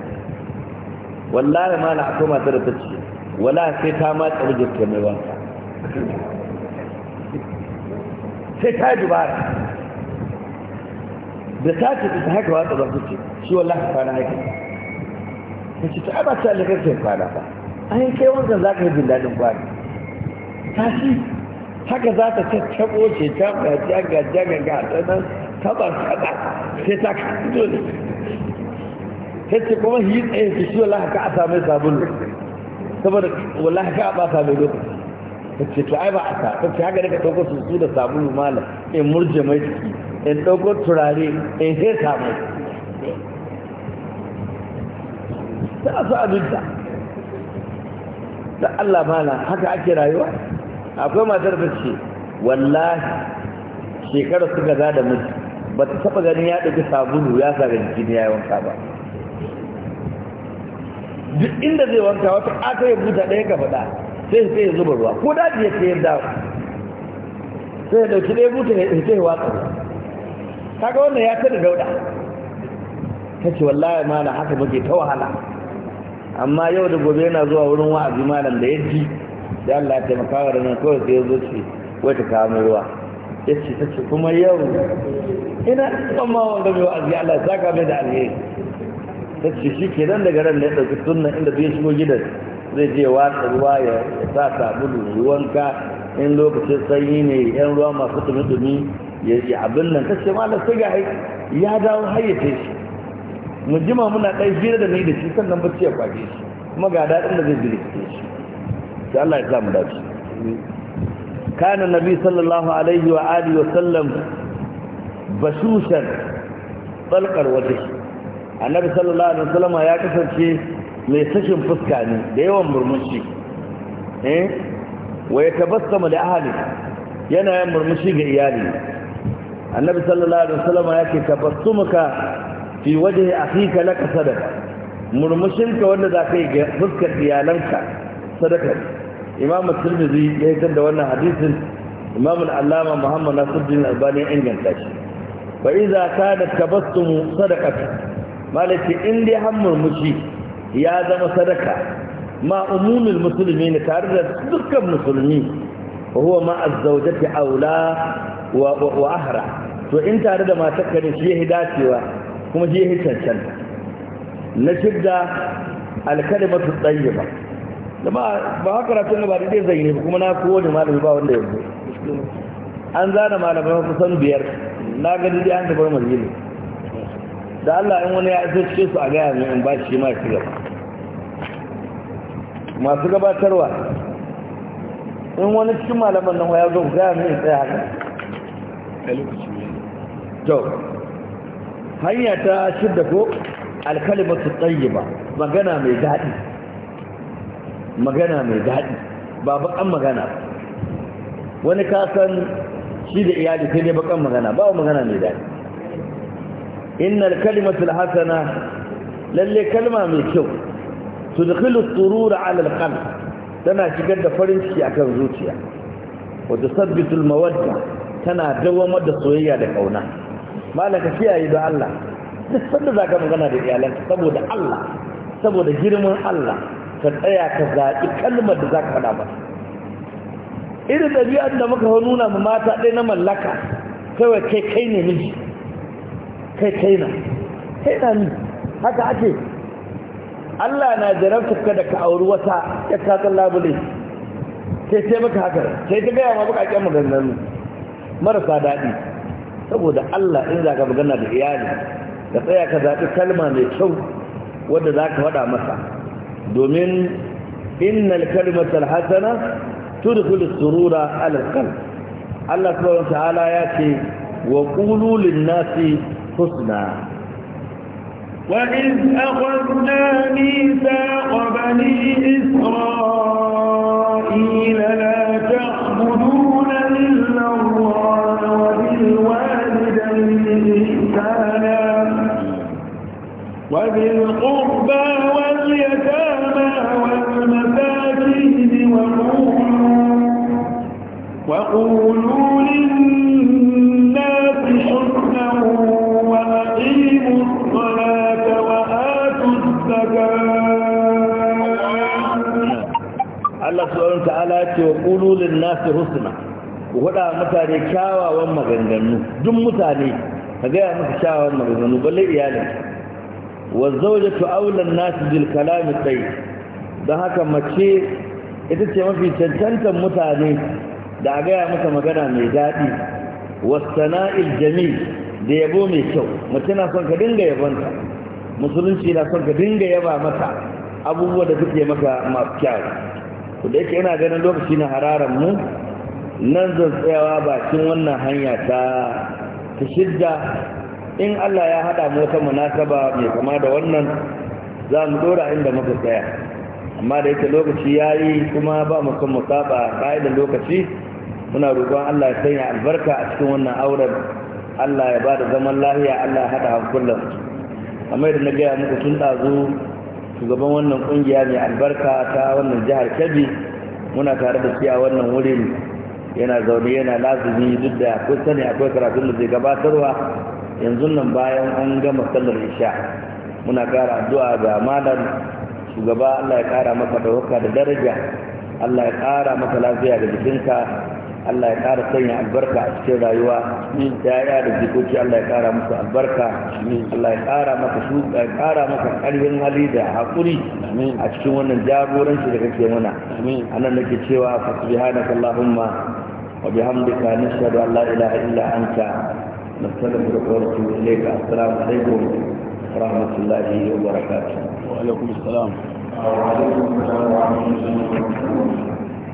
wallahi ma na akwai matar da ta ce wala sai ta matsa mijinta mai wanka sai ta yi dubara da ta ce ta haka watsa zafi ce shi wallahi ka kwana haka ta ce ta ba ta alikar kwana ba an yi kai wankan za ka yi jin daɗin kwana ta shi haka za ta caccako ce ta gajiya gajiya gaga ta nan taba sada sai ta kato ne ta ce kuma yi tsaye ki shi wala haka a same sabulu saboda wala haka ba same lokaci ta ce to ai ba a sa ta ce haka daga ɗauko su su da sabulu malam in murje mai ciki in ɗauko turare in sai samu ta asu abinta da Allah mala haka ake rayuwa akwai matar da ce wallahi shekarar su gaza da mutu ba ta taba ganin ya ɗauki sabulu ya sa ga jiki ne ya yi wanka ba duk inda zai wanka wata aka yi buta ɗaya ka faɗa sai sai ya zuba ruwa ko daji ya ce yadda sai ya ɗauki ɗaya buta ya ya watsa ga wannan ya ta da dauɗa ta ce wallahi na haka muke ta wahala amma yau da gobe yana zuwa wurin wa'azi malam da ya ji da Allah ya taimaka wa ranar kawai sai ya zo ce wai ta kawo ruwa ya ce ta ce kuma yau ina tsamma wanda mai wa'azi Allah ya saka mai da alheri ta ce shi ke nan daga ran da ya ɗauki sunna inda zai shigo gidan zai je watsa ruwa ya sa sabulu ya wanka in lokacin sanyi ne yan ruwa masu tumi-tumi ya yi abin nan ta ce malam sai ga ya dawo hayyace shi mu jima muna ɗan hira da ni da shi sannan bacci ya kwaje shi kuma ga daɗin da zai birkice shi sai Allah ya samu dace kana nabi sallallahu alaihi wa alihi wa sallam basusan balkar wata annabi sallallahu alaihi wa sallam ya kasance mai sashin fuska ne da yawan murmushi eh wa yatabassama da ahli yana yin murmushi ga iyali annabi sallallahu alaihi wa sallam ya ce tabassumuka fi wajhi akhika laka sadaqa murmushinka wanda za ka yi ga fuskar iyalanka sadaka imam tirmidhi ya yi da wannan hadisin imam al-allama muhammad nasiruddin albani ya inganta shi fa idza kana tabassum sadaqatu malaki in dai har murmushi ya zama sadaka ma umumul ne tare da dukkan musulmi wa huwa ma aula wa wa to in tare da matarka ne shi ya dacewa kuma shi ya cancanta na shidda alkalimatu kalimatu tayyiba da ba karatun da ba da zai yi kuma na da malami ba wanda yanzu an zana malamai kusan biyar na gani dai an tabar majalis da Allah in wani ya isa cikin su a gaya mai in ba shi ma shi gaba masu gabatarwa in wani cikin malaman nan ya zo gaya mai in tsaye haka to hanya ta shidda ko alkalimatu tayyiba magana mai daɗi magana mai daɗi ba bakan magana wani kasan shi da iyali sai dai bakan magana ba magana mai daɗi innal kalimatul hasana lalle kalma mai kyau tudkhilu surura ala alqalb tana shigar da farin ciki akan zuciya wa tusabbitu almawadda tana dawamar da soyayya da kauna malaka kiyaye da Allah duk sanda zaka magana da iyalanka saboda Allah saboda girman Allah ka tsaya ka zaɓi kalmar da za ka faɗa ba irin ɗabi'ar da muka nuna mu mata ɗai na mallaka kawai kai kai ne miji kai kai na kai na ni haka ake Allah na jarabta ka da ka auri wata ya kasan labule sai sai maka haka sai ta gaya ma bukaken maganganu marasa daɗi saboda Allah in za ka magana da iyali ka tsaya ka zaɓi kalma mai kyau wadda za ka faɗa masa دومين إن الكلمة الحسنة تدخل السرور على القلب الله سبحانه وتعالى يأتي وقولوا للناس حسنا وإذ أخذنا ميثاق بني إسرائيل لا تعبدون إلا الله وبالوالدين إحسانا وبالقرآن wakulu lin nasi husna wada mutane kyawawan maganganu duk mutane ka gaya maka kyawawan maganganu balle iyalin wa zauja tu aulan nasi bil kalam don haka mace ita ce mafi cancantan mutane da a gaya maka magana mai daɗi sana'il jamil da yabo mai kyau mace na son ka dinga yabonta musulunci na son ka dinga yaba mata abubuwa da suke maka masu kyau to da yake ina ganin lokaci na hararan mu nan zan tsayawa bakin wannan hanya ta ta shidda in Allah ya haɗa mu wata munasaba mai kama da wannan za mu ɗora inda muka tsaya amma da yake lokaci ya yi kuma ba mu kan mu saba ƙa'idar lokaci muna roƙon Allah ya sanya albarka a cikin wannan auren Allah ya bada zaman lafiya Allah ya hada hankulan amma da na gaya muku tun ɗazu shugaban wannan ƙungiya mai albarka ta wannan jihar Kebbi muna tare da shi a wannan wurin yana zaune yana lazumi duk da akwai sani akwai karatun da zai gabatarwa yanzu nan bayan an gama sallar isha muna ƙara addu'a ga malam shugaba Allah ya ƙara maka ɗaukaka da daraja Allah ya ƙara maka lafiya da jikinka Allah ya ƙara sanya albarka a cikin rayuwa ya da jikoki Allah ya ƙara musu albarka Allah ya ƙara maka su ya ƙara maka ƙarfin hali da haƙuri a cikin wannan jagoranci da kake mana anan nake cewa subhanaka allahumma wa bihamdika nashhadu an la ilaha illa anta nastaghfiruka wa natubu ilayka assalamu alaikum wa rahmatullahi wa barakatuh wa alaikum assalam wa alaikum assalam wa rahmatullahi wa barakatuh